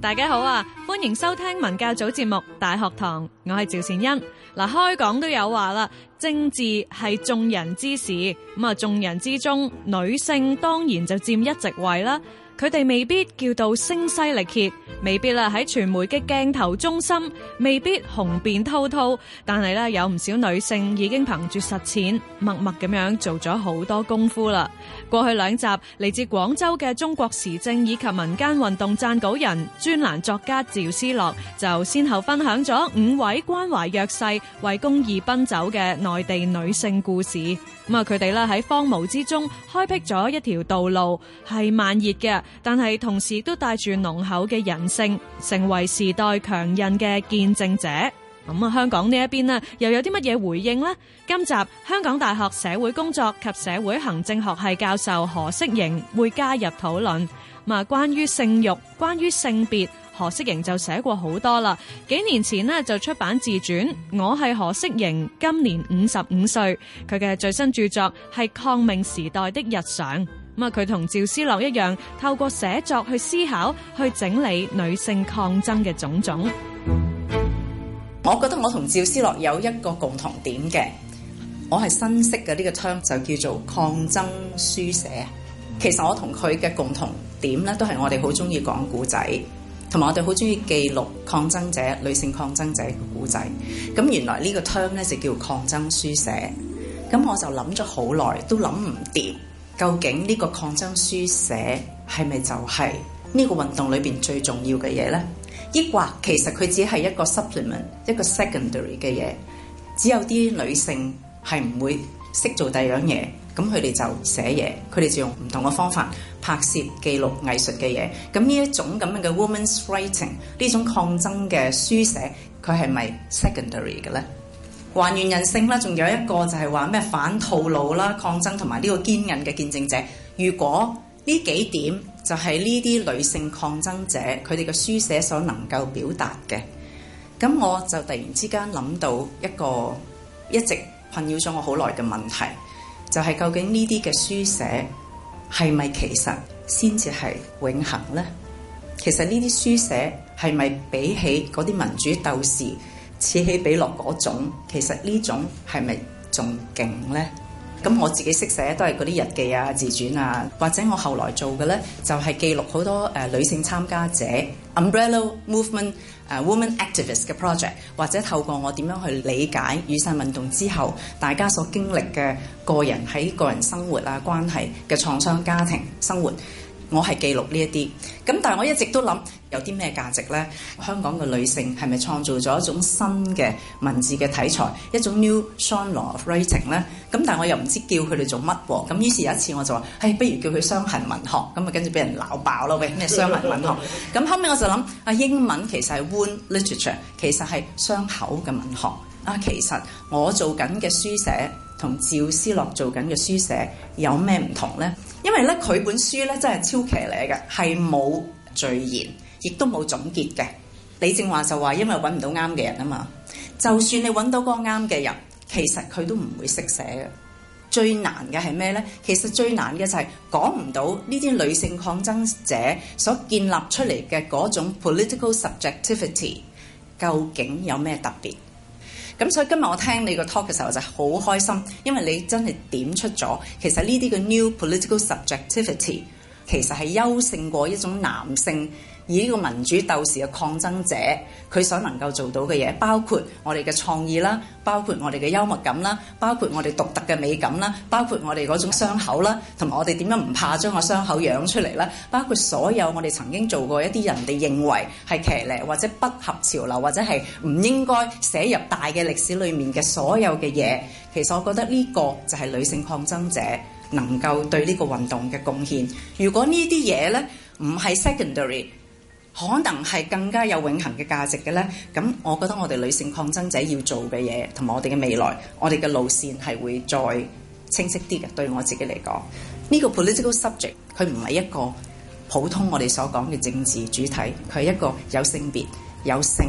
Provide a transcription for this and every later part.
大家好啊，歡迎收聽文教組節目《大學堂》，我係趙善恩。嗱，開講都有話啦，政治係眾人之事，咁啊，眾人之中，女性當然就佔一席位啦。佢哋未必叫到聲嘶力竭，未必啦喺傳媒嘅鏡頭中心，未必雄辯滔滔，但係咧有唔少女性已經憑住實踐，默默咁樣做咗好多功夫啦。過去兩集嚟，自廣州嘅《中國時政》以及民間運動撰稿人專欄作家趙思樂就先後分享咗五位關懷弱勢、為公義奔走嘅內地女性故事。咁啊，佢哋咧喺荒蕪之中開闢咗一條道路，係慢熱嘅。但係同時都帶住濃厚嘅人性，成為時代強韌嘅見證者。咁啊，香港呢一邊呢又有啲乜嘢回應呢？今集香港大學社會工作及社會行政學系教授何式凝會加入討論。嘛，關於性慾，關於性別，何式凝就寫過好多啦。幾年前呢就出版自傳《我係何式凝》，今年五十五歲，佢嘅最新著作係《抗命時代的日常》。咁啊，佢同趙思樂一樣，透過寫作去思考，去整理女性抗爭嘅種種。我覺得我同趙思樂有一個共同點嘅，我係新式嘅呢個 term 就叫做抗爭書寫。其實我同佢嘅共同點咧，都係我哋好中意講古仔，同埋我哋好中意記錄抗爭者、女性抗爭者嘅古仔。咁原來呢個 term 咧就叫抗爭書寫。咁我就諗咗好耐，都諗唔掂。究竟呢個抗爭書寫係咪就係呢個運動裏邊最重要嘅嘢呢？抑或其實佢只係一個 supplement、一個 secondary 嘅嘢？只有啲女性係唔會識做第二樣嘢，咁佢哋就寫嘢，佢哋就用唔同嘅方法拍攝、記錄藝術嘅嘢。咁呢一種咁樣嘅 woman's writing，呢種抗爭嘅書寫，佢係咪 secondary 嘅呢？還原人性啦，仲有一個就係話咩反套路啦、抗爭同埋呢個堅韌嘅見證者。如果呢幾點就係呢啲女性抗爭者佢哋嘅書寫所能夠表達嘅，咁我就突然之間諗到一個一直困擾咗我好耐嘅問題，就係究竟呢啲嘅書寫係咪其實先至係永恆呢？其實呢啲書寫係咪比起嗰啲民主鬥士？此起彼落嗰種，其實呢種係咪仲勁呢？咁我自己識寫都係嗰啲日記啊、自傳啊，或者我後來做嘅呢，就係、是、記錄好多誒、呃、女性參加者 umbrella movement 誒、呃、woman activist 嘅 project，或者透過我點樣去理解雨傘運動之後大家所經歷嘅個人喺個人生活啊、關係嘅創傷、家庭生活。我係記錄呢一啲，咁但係我一直都諗有啲咩價值呢？香港嘅女性係咪創造咗一種新嘅文字嘅體裁，一種 new genre of writing 咧？咁但係我又唔知叫佢哋做乜喎？咁於是有一次我就話，誒、哎，不如叫佢傷痕文學。咁啊，跟住俾人鬧爆啦！喂，咩傷痕文學？咁 後尾我就諗，啊，英文其實係 wound literature，其實係傷口嘅文學。啊，其實我做緊嘅書寫同趙思樂做緊嘅書寫有咩唔同呢？因為咧，佢本書咧真係超騎呢嘅，係冇序言，亦都冇總結嘅。李正話就話，因為揾唔到啱嘅人啊嘛。就算你揾到個啱嘅人，其實佢都唔會識寫嘅。最難嘅係咩咧？其實最難嘅就係講唔到呢啲女性抗爭者所建立出嚟嘅嗰種 political subjectivity，究竟有咩特別？咁，嗯，所以今日我聽你個 talk 嘅時候就好開心，因為你真係點出咗，其實呢啲嘅 new political subjectivity 其實係優勝過一種男性。以呢個民主鬥士嘅抗爭者，佢所能夠做到嘅嘢，包括我哋嘅創意啦，包括我哋嘅幽默感啦，包括我哋獨特嘅美感啦，包括我哋嗰種傷口啦，同埋我哋點樣唔怕將個傷口養出嚟啦，包括所有我哋曾經做過一啲人哋認為係騎呢或者不合潮流或者係唔應該寫入大嘅歷史裏面嘅所有嘅嘢。其實我覺得呢個就係女性抗爭者能夠對呢個運動嘅貢獻。如果呢啲嘢呢唔係 secondary。可能係更加有永恆嘅價值嘅呢。咁我覺得我哋女性抗爭者要做嘅嘢，同埋我哋嘅未來，我哋嘅路線係會再清晰啲嘅。對我自己嚟講，呢個 political subject 佢唔係一個普通我哋所講嘅政治主體，佢係一個有性別、有性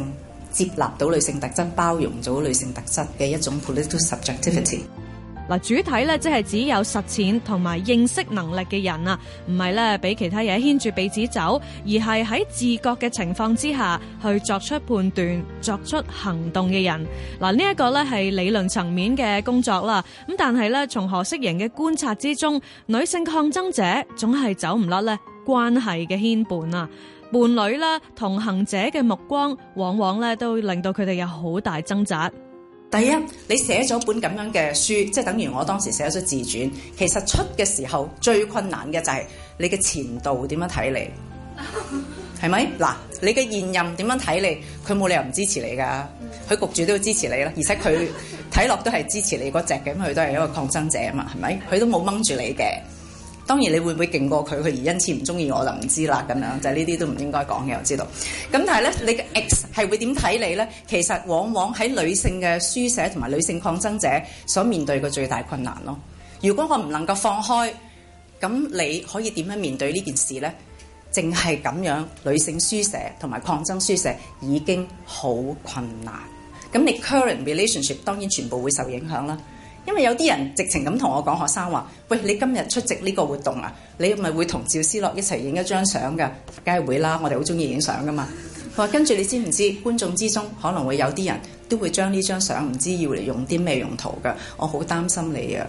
接納到女性特質、包容到女性特質嘅一種 political subjectivity。嗯嗱，主體咧，即係只有實踐同埋認識能力嘅人啊，唔係咧，俾其他嘢牽住鼻子走，而係喺自覺嘅情況之下去作出判斷、作出行動嘅人。嗱，呢一個咧，係理論層面嘅工作啦。咁但係咧，從何式凝嘅觀察之中，女性抗爭者總係走唔甩咧關係嘅牽絆啊，伴侶啦、同行者嘅目光，往往咧都令到佢哋有好大掙扎。第一，你寫咗本咁樣嘅書，即係等於我當時寫咗自傳。其實出嘅時候最困難嘅就係你嘅前度點樣睇你，係咪？嗱，你嘅現任點樣睇你？佢冇理由唔支持你㗎，佢局住都要支持你啦。而且佢睇落都係支持你嗰隻嘅，因為佢都係一個抗爭者啊嘛，係咪？佢都冇掹住你嘅。當然你會唔會勁過佢，佢而因此唔中意我就唔知啦。咁樣就係呢啲都唔應該講嘅，我知道。咁但係咧，你嘅 ex 係會點睇你咧？其實往往喺女性嘅書寫同埋女性抗爭者所面對嘅最大困難咯。如果我唔能夠放開，咁你可以點樣面對呢件事咧？淨係咁樣女性書寫同埋抗爭書寫已經好困難。咁你 current relationship 當然全部會受影響啦。因為有啲人直情咁同我講學生話，喂，你今日出席呢個活動啊，你係咪會同趙思樂一齊影一張相㗎？梗係會啦，我哋好中意影相噶嘛。佢話跟住你知唔知，觀眾之中可能會有啲人都會將呢張相唔知要嚟用啲咩用，用途嘅，我好擔心你啊。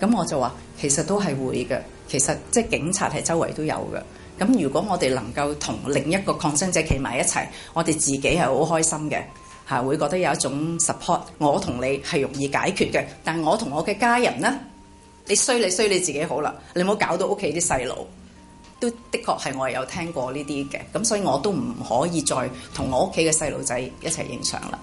咁我就話，其實都係會嘅，其實即係、就是、警察係周圍都有嘅。咁如果我哋能夠同另一個抗爭者企埋一齊，我哋自己係好開心嘅。嚇會覺得有一種 support，我同你係容易解決嘅，但係我同我嘅家人咧，你衰你衰你自己好啦，你冇搞到屋企啲細路，都的確係我有聽過呢啲嘅，咁所以我都唔可以再同我屋企嘅細路仔一齊影相啦。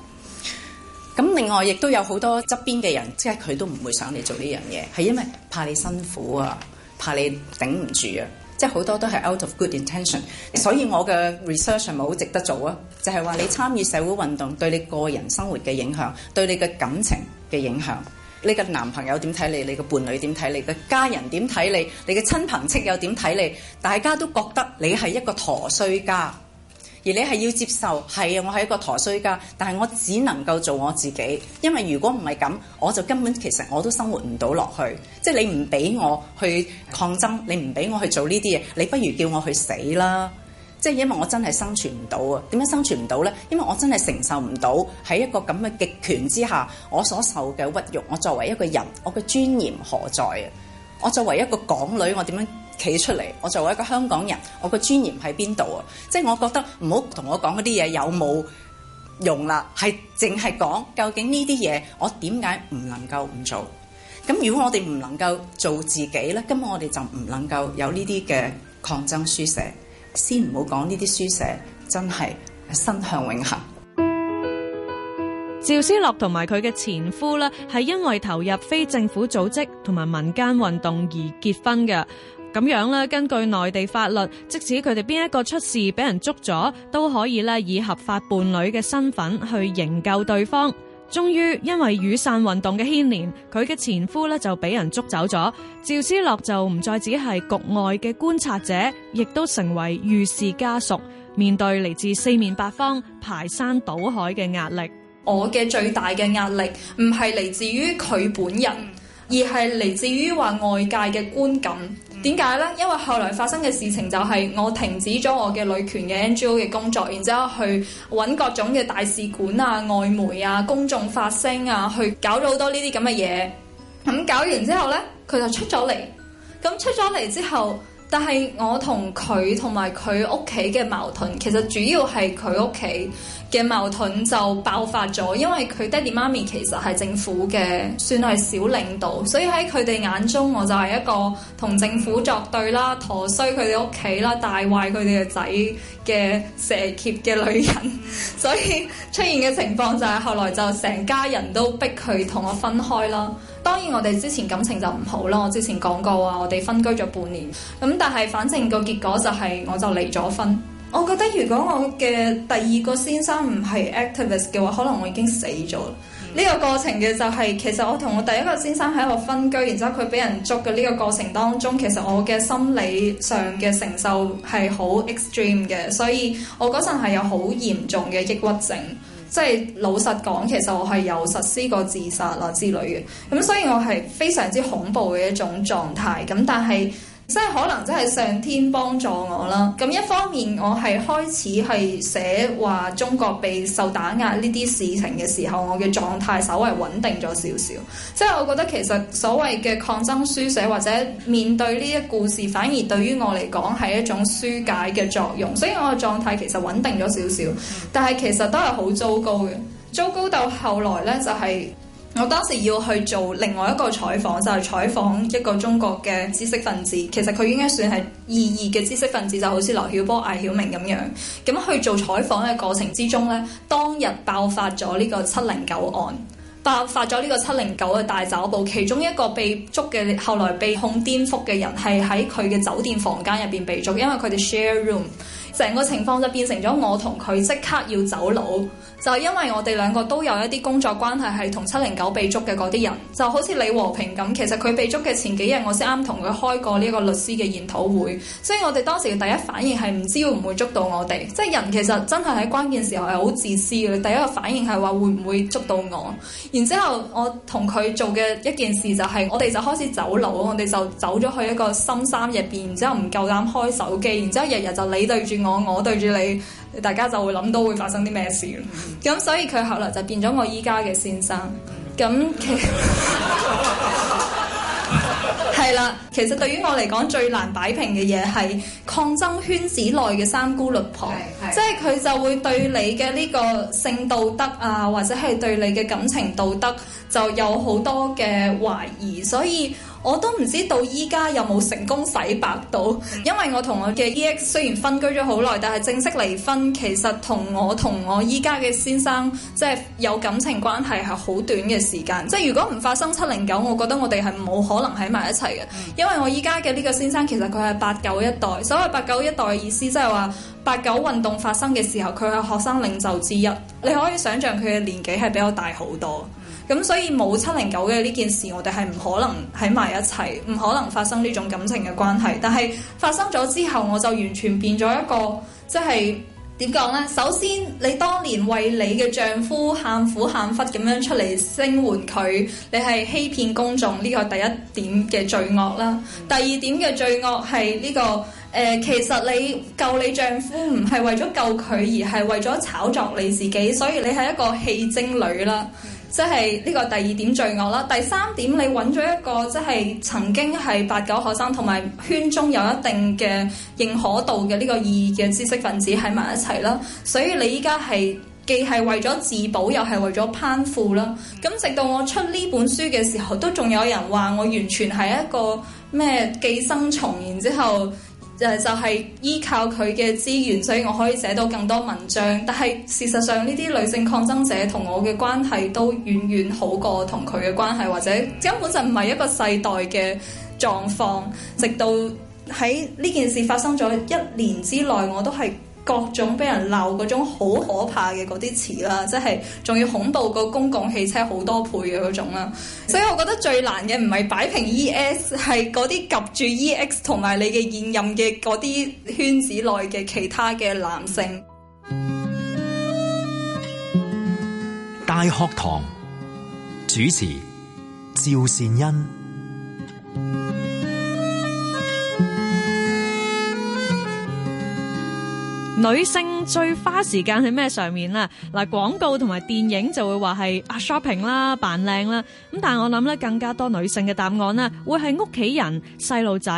咁另外亦都有好多側邊嘅人，即係佢都唔會想你做呢樣嘢，係因為怕你辛苦啊，怕你頂唔住啊。即係好多都係 out of good intention，所以我嘅 research 係咪好值得做啊！就係話你參與社會運動對你個人生活嘅影響，對你嘅感情嘅影響，你嘅男朋友點睇你？你嘅伴侶點睇你？你嘅家人點睇你？你嘅親朋戚友點睇你？大家都覺得你係一個陀衰家。而你係要接受，係啊，我係一個陀衰家，但係我只能夠做我自己，因為如果唔係咁，我就根本其實我都生活唔到落去。即係你唔俾我去抗爭，你唔俾我去做呢啲嘢，你不如叫我去死啦！即係因為我真係生存唔到啊！點樣生存唔到呢？因為我真係承受唔到喺一個咁嘅極權之下，我所受嘅屈辱，我作為一個人，我嘅尊嚴何在啊？我作為一個港女，我點樣？企出嚟，我作為一個香港人，我個尊嚴喺邊度啊？即係我覺得唔好同我講嗰啲嘢有冇用啦，係淨係講究竟呢啲嘢我點解唔能夠唔做？咁如果我哋唔能夠做自己咧，根本我哋就唔能夠有呢啲嘅抗爭書寫。先唔好講呢啲書寫真係身向永恆。趙思樂同埋佢嘅前夫呢，係因為投入非政府組織同埋民間運動而結婚嘅。咁樣咧，根據內地法律，即使佢哋邊一個出事，俾人捉咗，都可以咧以合法伴侶嘅身份去營救對方。終於，因為雨傘運動嘅牽連，佢嘅前夫咧就俾人捉走咗。趙思樂就唔再只係局外嘅觀察者，亦都成為遇事家屬，面對嚟自四面八方、排山倒海嘅壓力。我嘅最大嘅壓力唔係嚟自於佢本人，而係嚟自於話外界嘅觀感。點解呢？因為後來發生嘅事情就係我停止咗我嘅女權嘅 NGO 嘅工作，然之後去揾各種嘅大使館啊、外媒啊、公眾發聲啊，去搞咗好多呢啲咁嘅嘢。咁、嗯、搞完之後呢，佢就出咗嚟。咁、嗯、出咗嚟之後。但係我同佢同埋佢屋企嘅矛盾，其實主要係佢屋企嘅矛盾就爆發咗，因為佢爹哋媽咪其實係政府嘅，算係小領導，所以喺佢哋眼中我就係一個同政府作對啦、陀衰佢哋屋企啦、帶壞佢哋嘅仔嘅蛇蠍嘅女人，所以出現嘅情況就係後來就成家人都逼佢同我分開啦。當然，我哋之前感情就唔好咯。我之前講過話，我哋分居咗半年。咁但係，反正個結果就係，我就離咗婚。我覺得如果我嘅第二個先生唔係 activist 嘅話，可能我已經死咗啦。呢、嗯、個過程嘅就係、是，其實我同我第一個先生喺度分居，然之後佢俾人捉嘅呢個過程當中，其實我嘅心理上嘅承受係好 extreme 嘅，所以我嗰陣係有好嚴重嘅抑鬱症。即係老實講，其實我係有實施過自殺啦之類嘅，咁所以我係非常之恐怖嘅一種狀態。咁但係，即係可能真係上天幫助我啦。咁一方面我係開始係寫話中國被受打壓呢啲事情嘅時候，我嘅狀態稍為穩定咗少少。即係我覺得其實所謂嘅抗爭書寫或者面對呢一故事，反而對於我嚟講係一種疏解嘅作用。所以我嘅狀態其實穩定咗少少，但係其實都係好糟糕嘅，糟糕到後來咧就係、是。我當時要去做另外一個採訪，就係採訪一個中國嘅知識分子。其實佢應該算係異議嘅知識分子，就好似劉曉波、艾曉明咁樣。咁去做採訪嘅過程之中呢，當日爆發咗呢個七零九案，爆發咗呢個七零九嘅大抓捕。其中一個被捉嘅，後來被控顛覆嘅人，係喺佢嘅酒店房間入邊被捉，因為佢哋 share room。成個情況就變成咗我同佢即刻要走佬，就係因為我哋兩個都有一啲工作關係係同七零九被捉嘅嗰啲人，就好似李和平咁。其實佢被捉嘅前幾日，我先啱同佢開過呢個律師嘅研討會，所以我哋當時嘅第一反應係唔知會唔會捉到我哋。即係人其實真係喺關鍵時候係好自私嘅，第一個反應係話會唔會捉到我。然之後我同佢做嘅一件事就係我哋就開始走佬，我哋就走咗去一個深山入邊，然之後唔夠膽開手機，然之後日日就你對住。我我對住你，大家就會諗到會發生啲咩事咯。咁、mm hmm. 所以佢後來就變咗我依家嘅先生。咁、mm hmm. 其實係啦， 其實對於我嚟講最難擺平嘅嘢係抗爭圈子內嘅三姑六婆，即係佢就會對你嘅呢個性道德啊，或者係對你嘅感情道德就有好多嘅懷疑，所以。我都唔知道依家有冇成功洗白到，因為我同我嘅 ex 雖然分居咗好耐，但係正式離婚。其實同我同我依家嘅先生，即係有感情關係，係好短嘅時間，即係如果唔發生七零九，我覺得我哋係冇可能喺埋一齊嘅。因為我依家嘅呢個先生其實佢係八九一代。所謂八九一代嘅意思，即係話八九運動發生嘅時候，佢係學生領袖之一。你可以想象佢嘅年紀係比我大好多。咁所以冇七零九嘅呢件事，我哋係唔可能喺埋一齊，唔可能發生呢種感情嘅關係。但係發生咗之後，我就完全變咗一個即係點講咧。首先，你當年為你嘅丈夫喊苦喊忽，咁樣出嚟，聲援佢，你係欺騙公眾呢個第一點嘅罪惡啦。第二點嘅罪惡係呢個誒、呃，其實你救你丈夫唔係為咗救佢，而係為咗炒作你自己，所以你係一個戲精女啦。即係呢個第二點罪惡啦，第三點你揾咗一個即係曾經係八九學生同埋圈中有一定嘅認可度嘅呢個意義嘅知識分子喺埋一齊啦，所以你而家係既係為咗自保又係為咗攀附啦。咁直到我出呢本書嘅時候，都仲有人話我完全係一個咩寄生蟲，然之後。就就係依靠佢嘅資源，所以我可以寫到更多文章。但係事實上，呢啲女性抗爭者同我嘅關係都遠遠好過同佢嘅關係，或者根本就唔係一個世代嘅狀況。直到喺呢件事發生咗一年之內，我都係。各種俾人鬧嗰種好可怕嘅嗰啲詞啦，即係仲要恐怖過公共汽車好多倍嘅嗰種啦，所以我覺得最難嘅唔係擺平 e s，係嗰啲及住 ex 同埋你嘅現任嘅嗰啲圈子內嘅其他嘅男性。大學堂主持趙善恩。女性最花時間喺咩上面咧？嗱，廣告同埋電影就會話係啊 shopping 啦、扮靚啦。咁但係我諗咧，更加多女性嘅答案咧，會係屋企人、細路仔、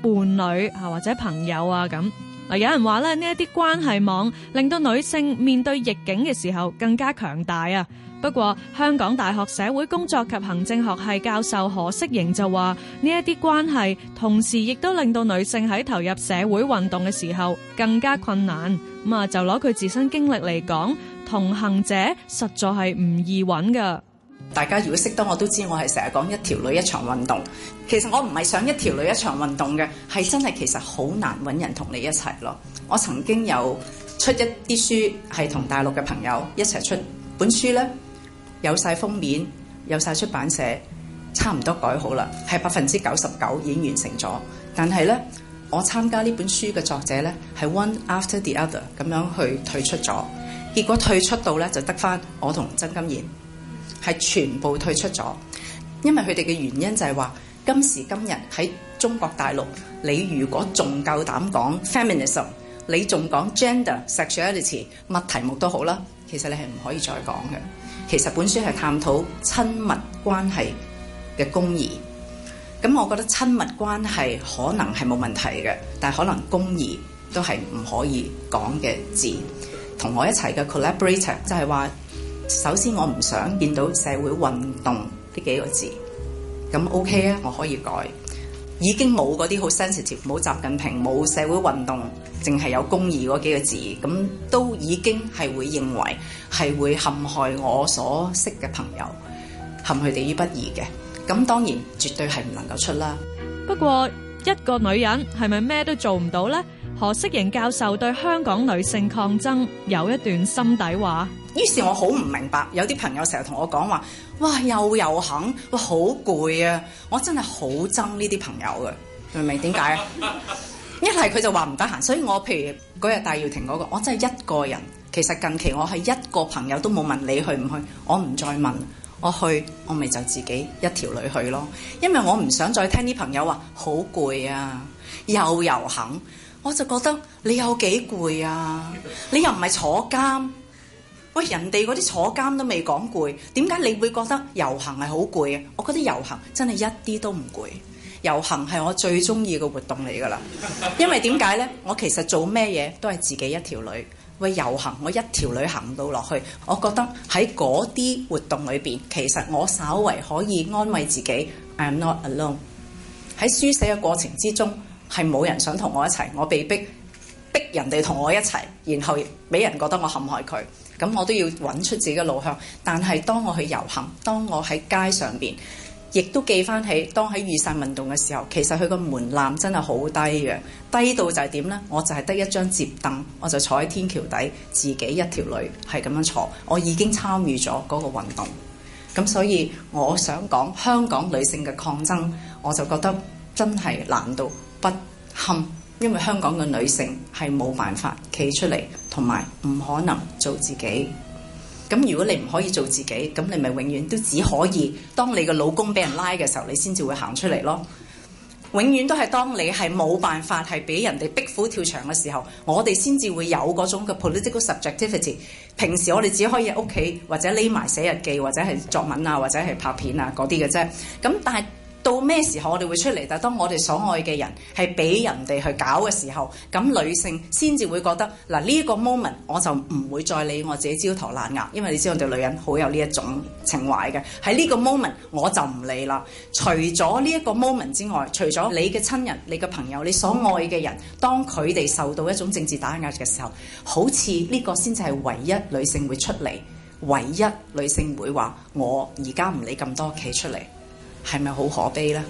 伴侶啊，或者朋友啊咁。有人話咧，呢一啲關係網令到女性面對逆境嘅時候更加強大啊。不過香港大學社會工作及行政學系教授何式凝就話，呢一啲關係同時亦都令到女性喺投入社會運動嘅時候更加困難。咁啊，就攞佢自身經歷嚟講，同行者實在係唔易揾㗎。大家如果識得我都知，我係成日講一條女一場運動。其實我唔係想一條女一場運動嘅，係真係其實好難揾人同你一齊咯。我曾經有出一啲書，係同大陸嘅朋友一齊出本書呢，有晒封面，有晒出版社，差唔多改好啦，係百分之九十九已經完成咗。但係呢，我參加呢本書嘅作者呢係 one after the other 咁樣去退出咗，結果退出到呢就得翻我同曾金燕。係全部退出咗，因為佢哋嘅原因就係話，今時今日喺中國大陸，你如果仲夠膽講 feminism，你仲講 gender sexuality，乜題目都好啦，其實你係唔可以再講嘅。其實本書係探討親密關係嘅公義，咁我覺得親密關係可能係冇問題嘅，但係可能公義都係唔可以講嘅字。同我一齊嘅 collaborator 就係話，首先，我唔想見到社會運動呢幾個字，咁 OK 啊，我可以改。已經冇嗰啲好 sensitive，冇習近平，冇社會運動，淨係有公義嗰幾個字，咁都已經係會認為係會陷害我所識嘅朋友，陷佢哋於不義嘅。咁當然絕對係唔能夠出啦。不過，一個女人係咪咩都做唔到咧？何式凝教授對香港女性抗爭有一段心底話。於是，我好唔明白，有啲朋友成日同我講話，哇，又遊行，哇，好攰啊！我真係好憎呢啲朋友嘅，明唔明？點解啊？一係佢就話唔得閒，所以我譬如嗰日戴耀廷嗰、那個，我真係一個人。其實近期我係一個朋友都冇問你去唔去，我唔再問。我去，我咪就自己一條女去咯，因為我唔想再聽啲朋友話好攰啊，又遊行，我就覺得你有幾攰啊？你又唔係坐監。人哋嗰啲坐監都未講攰，點解你會覺得遊行係好攰啊？我覺得遊行真係一啲都唔攰，遊行係我最中意嘅活動嚟噶啦。因為點解呢？我其實做咩嘢都係自己一條女喂，遊行，我一條女行唔到落去。我覺得喺嗰啲活動裏邊，其實我稍為可以安慰自己，I'm not alone。喺書寫嘅過程之中係冇人想同我一齊，我被逼逼人哋同我一齊，然後俾人覺得我陷害佢。咁我都要揾出自己嘅路向，但係當我去遊行，當我喺街上邊，亦都記翻起當喺雨傘運動嘅時候，其實佢個門檻真係好低嘅，低到就係點呢？我就係得一張折凳，我就坐喺天橋底，自己一條女係咁樣坐，我已經參與咗嗰個運動。咁所以我想講香港女性嘅抗爭，我就覺得真係難到不堪，因為香港嘅女性係冇辦法企出嚟。同埋唔可能做自己，咁如果你唔可以做自己，咁你咪永遠都只可以，當你個老公俾人拉嘅時候，你先至會行出嚟咯。永遠都係當你係冇辦法係俾人哋逼虎跳牆嘅時候，我哋先至會有嗰種嘅 political subjectivity。平時我哋只可以喺屋企或者匿埋寫日記或者係作文啊，或者係拍片啊嗰啲嘅啫。咁但係，到咩時候我哋會出嚟？但當我哋所愛嘅人係俾人哋去搞嘅時候，咁女性先至會覺得嗱，呢個 moment 我就唔會再理我自己焦頭爛額，因為你知道我哋女人好有呢一種情懷嘅。喺呢個 moment 我就唔理啦。除咗呢一個 moment 之外，除咗你嘅親人、你嘅朋友、你所愛嘅人，當佢哋受到一種政治打壓嘅時候，好似呢個先至係唯一女性會出嚟，唯一女性會話我而家唔理咁多，企出嚟。係咪好可悲呢？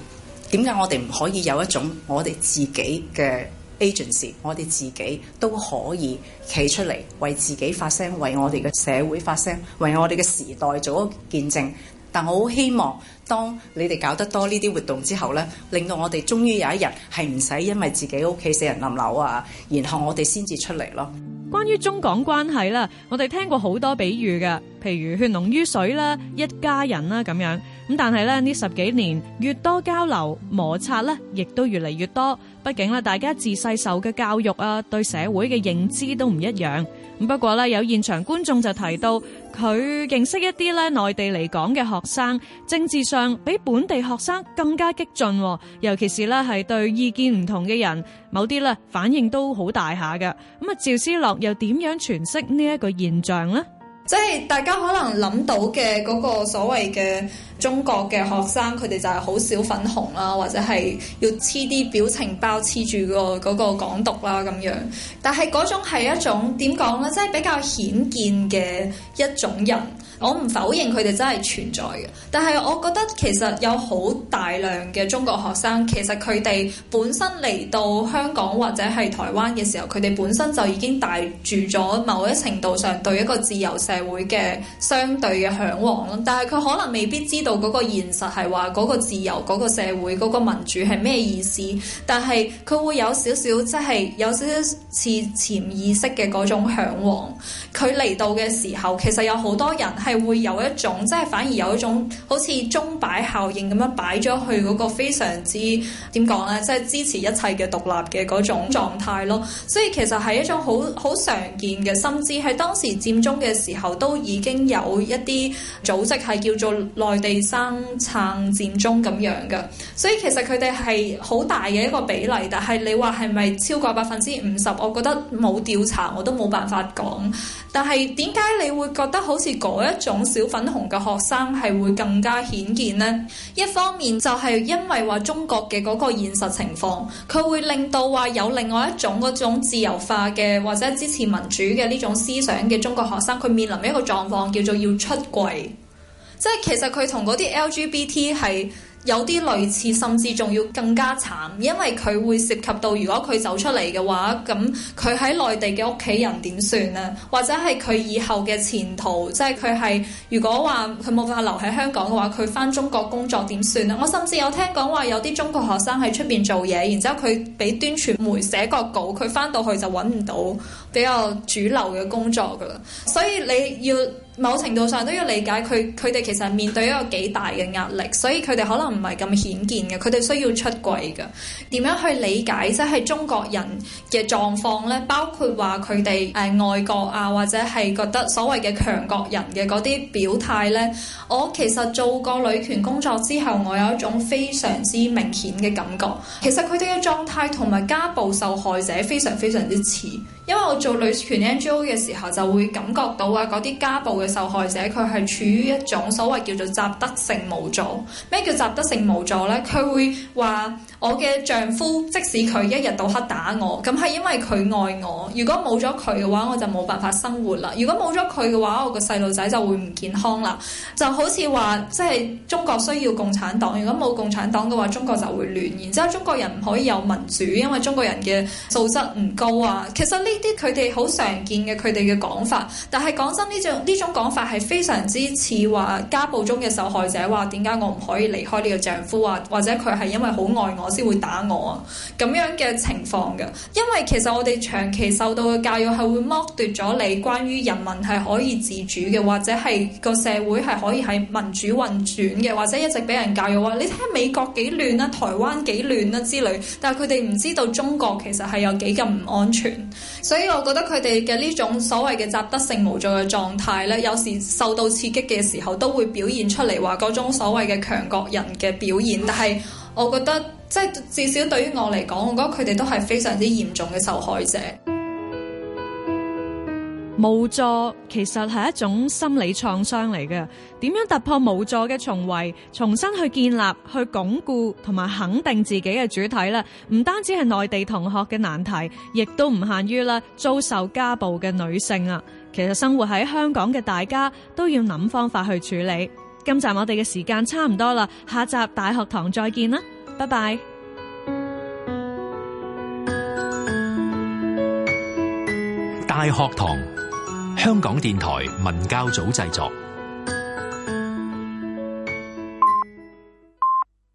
點解我哋唔可以有一種我哋自己嘅 agency？我哋自己都可以企出嚟為自己發聲，為我哋嘅社會發聲，為我哋嘅時代做一個見證。但我好希望，當你哋搞得多呢啲活動之後咧，令到我哋終於有一日係唔使因為自己屋企死人冧樓啊，然後我哋先至出嚟咯。關於中港關係啦，我哋聽過好多比喻㗎，譬如血濃於水啦、一家人啦咁樣。咁但係咧，呢十幾年越多交流，摩擦咧亦都越嚟越多。畢竟咧，大家自細受嘅教育啊，對社會嘅認知都唔一樣。不過咧，有現場觀眾就提到，佢認識一啲咧內地嚟港嘅學生，政治上比本地學生更加激進，尤其是咧係對意見唔同嘅人，某啲咧反應都好大下嘅。咁啊，趙思樂又點樣詮釋呢一個現象呢？即係大家可能諗到嘅嗰個所謂嘅中國嘅學生，佢哋就係好小粉紅啦，或者係要黐啲表情包黐住個嗰個港獨啦咁樣。但係嗰種係一種點講咧，即係比較顯見嘅一種人。我唔否認佢哋真係存在嘅，但係我覺得其實有好大量嘅中國學生，其實佢哋本身嚟到香港或者係台灣嘅時候，佢哋本身就已經帶住咗某一程度上對一個自由社會嘅相對嘅向往咯，但係佢可能未必知道嗰個現實係話嗰個自由、嗰個社會、嗰個民主係咩意思，但係佢會有少少即係有少少似潛意識嘅嗰種嚮往。佢嚟到嘅時候，其實有好多人係會有一種，即係反而有一種好似鐘擺效應咁樣擺咗去嗰個非常之點講咧，即係支持一切嘅獨立嘅嗰種狀態咯 所。所以其實係一種好好常見嘅，甚至喺當時佔中嘅時候都已經有一啲組織係叫做內地生撐佔中咁樣嘅。所以其實，佢哋係好大嘅一個比例，但係你話，係咪超過百分之五十，我覺得冇調查我都冇辦法講，但係點解你會覺得好似嗰一？種小粉紅嘅學生係會更加顯見呢，一方面就係因為話中國嘅嗰個現實情況，佢會令到話有另外一種嗰種自由化嘅或者支持民主嘅呢種思想嘅中國學生，佢面臨一個狀況叫做要出櫃，即係其實佢同嗰啲 LGBT 係。有啲類似，甚至仲要更加慘，因為佢會涉及到如、就是是，如果佢走出嚟嘅話，咁佢喺內地嘅屋企人點算咧？或者係佢以後嘅前途，即係佢係如果話佢冇辦法留喺香港嘅話，佢返中國工作點算咧？我甚至有聽講話，有啲中國學生喺出邊做嘢，然之後佢畀端傳媒寫個稿，佢返到去就揾唔到比較主流嘅工作㗎啦，所以你要。某程度上都要理解佢，佢哋其實面對一個幾大嘅壓力，所以佢哋可能唔係咁顯見嘅，佢哋需要出櫃嘅。點樣去理解即係中國人嘅狀況咧？包括話佢哋誒外國啊，或者係覺得所謂嘅強國人嘅嗰啲表態咧，我其實做過女權工作之後，我有一種非常之明顯嘅感覺，其實佢哋嘅狀態同埋家暴受害者非常非常之似。因為我做女權 NGO 嘅時候，就會感覺到啊，嗰啲家暴嘅受害者佢係處於一種所謂叫做習得性無助。咩叫習得性無助呢？佢會話。我嘅丈夫即使佢一日到黑打我，咁係因為佢愛我。如果冇咗佢嘅話，我就冇辦法生活啦。如果冇咗佢嘅話，我個細路仔就會唔健康啦。就好似話，即係中國需要共產黨，如果冇共產黨嘅話，中國就會亂，然之後中國人唔可以有民主，因為中國人嘅素質唔高啊。其實呢啲佢哋好常見嘅佢哋嘅講法。但係講真，呢種呢種講法係非常之似話家暴中嘅受害者話點解我唔可以離開呢個丈夫啊？或者佢係因為好愛我。先會打我啊！咁樣嘅情況嘅，因為其實我哋長期受到嘅教育係會剝奪咗你關於人民係可以自主嘅，或者係個社會係可以喺民主運轉嘅，或者一直俾人教育話你聽美國幾亂啦、啊，台灣幾亂啦、啊、之類。但係佢哋唔知道中國其實係有幾咁唔安全，所以我覺得佢哋嘅呢種所謂嘅習得性無助嘅狀態呢有時受到刺激嘅時候都會表現出嚟話嗰種所謂嘅強國人嘅表現，但係。我覺得即至少對於我嚟講，我覺得佢哋都係非常之嚴重嘅受害者。無助其實係一種心理創傷嚟嘅，點樣突破無助嘅重圍，重新去建立、去鞏固同埋肯定自己嘅主體呢？唔單止係內地同學嘅難題，亦都唔限於咧遭受家暴嘅女性啊。其實生活喺香港嘅大家都要諗方法去處理。今集我哋嘅時間差唔多啦，下集大學堂再見啦，拜拜！大學堂，香港電台文教組製作。